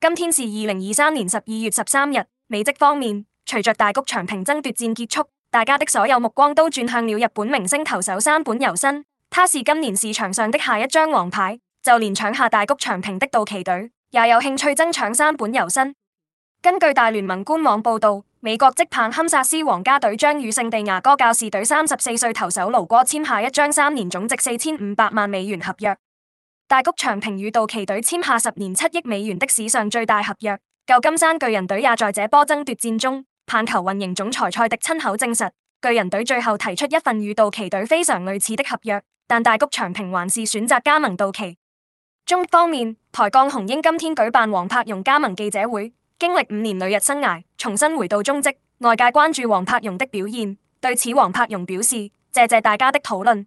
今天是二零二三年十二月十三日。美職方面，隨着大谷翔平爭奪戰結束，大家的所有目光都轉向了日本明星投手山本由伸。他是今年市場上的下一張王牌。就連搶下大谷翔平的道奇隊，也有興趣爭搶山本由伸。根據大聯盟官網報道，美國職棒堪薩斯皇家隊將與聖地牙哥教士隊三十四歲投手盧哥簽下一張三年總值四千五百萬美元合約。大谷翔平與道奇隊簽下十年七億美元的史上最大合約，舊金山巨人隊也在這波爭奪戰中。棒球運營總裁賽迪親口證實，巨人隊最後提出一份與道奇隊非常類似的合約，但大谷翔平還是選擇加盟道奇。中方面，台鋼雄鷹今天舉辦黃柏榮加盟記者會，經歷五年旅日生涯，重新回到中職，外界關注黃柏榮的表現。對此，黃柏榮表示：謝謝大家的討論。